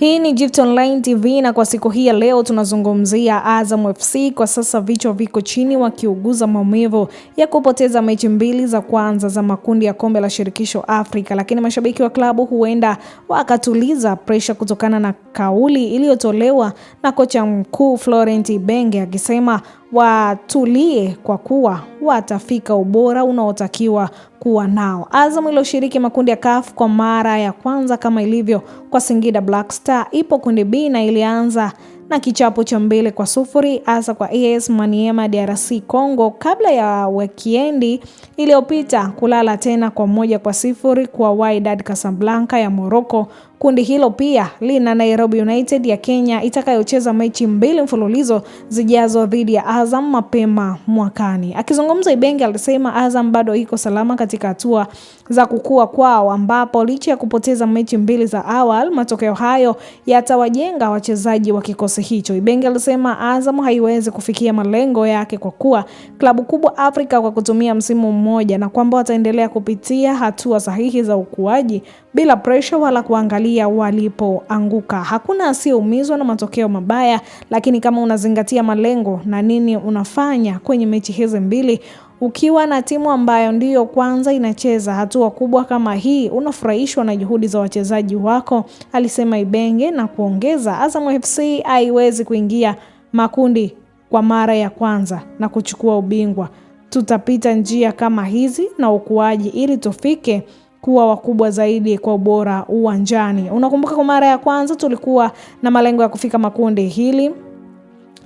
Hii ni Gift Online TV na kwa siku hii ya leo tunazungumzia Azam FC. Kwa sasa vichwa viko chini wakiuguza maumivu ya kupoteza mechi mbili za kwanza za makundi ya kombe la shirikisho Afrika, lakini mashabiki wa klabu huenda wakatuliza presha kutokana na kauli iliyotolewa na kocha mkuu Florent Ibenge akisema watulie kwa kuwa watafika ubora unaotakiwa kuwa nao. Azam ilioshiriki makundi ya CAF kwa mara ya kwanza kama ilivyo kwa Singida Black Star ipo kundi B na ilianza na kichapo cha mbele kwa sufuri hasa kwa AS Maniema DRC Congo kabla ya wekiendi iliyopita kulala tena kwa moja kwa sifuri kwa Wydad Casablanca ya Morocco. Kundi hilo pia lina Nairobi United ya Kenya itakayocheza mechi mbili mfululizo zijazo dhidi ya Azam mapema mwakani. Akizungumza, Ibenge alisema Azam bado iko salama katika hatua za kukua kwao, ambapo licha ya kupoteza mechi mbili za awali, matokeo hayo yatawajenga wachezaji wa kikosi kikosi hicho. Ibenge alisema Azam haiwezi kufikia malengo yake kwa kuwa klabu kubwa Afrika kwa kutumia msimu mmoja, na kwamba wataendelea kupitia hatua sahihi za ukuaji bila presha wala kuangalia walipoanguka. Hakuna asiyeumizwa na matokeo mabaya, lakini kama unazingatia malengo na nini unafanya kwenye mechi hizi mbili ukiwa na timu ambayo ndiyo kwanza inacheza hatua kubwa kama hii, unafurahishwa na juhudi za wachezaji wako, alisema Ibenge na kuongeza, Azam FC haiwezi kuingia makundi kwa mara ya kwanza na kuchukua ubingwa. Tutapita njia kama hizi na ukuaji ili tufike kuwa wakubwa zaidi kwa ubora uwanjani. Unakumbuka, kwa mara ya kwanza tulikuwa na malengo ya kufika makundi, hili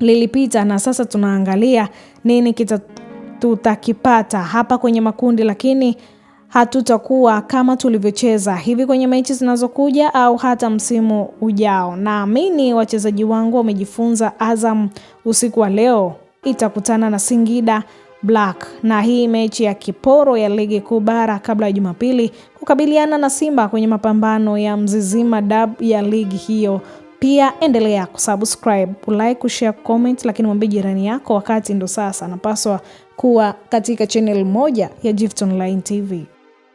lilipita, na sasa tunaangalia nini kita tutakipata hapa kwenye makundi, lakini hatutakuwa kama tulivyocheza hivi kwenye mechi zinazokuja au hata msimu ujao. Naamini wachezaji wangu wamejifunza. Azam usiku wa leo itakutana na Singida Black na hii mechi ya kiporo ya ligi kuu bara kabla ya Jumapili kukabiliana na Simba kwenye mapambano ya Mzizima dab ya ligi hiyo pia endelea kusubscribe, like, kushare, comment, lakini mwambie jirani yako wakati ndo sasa anapaswa kuwa katika channel moja ya Gift Online TV.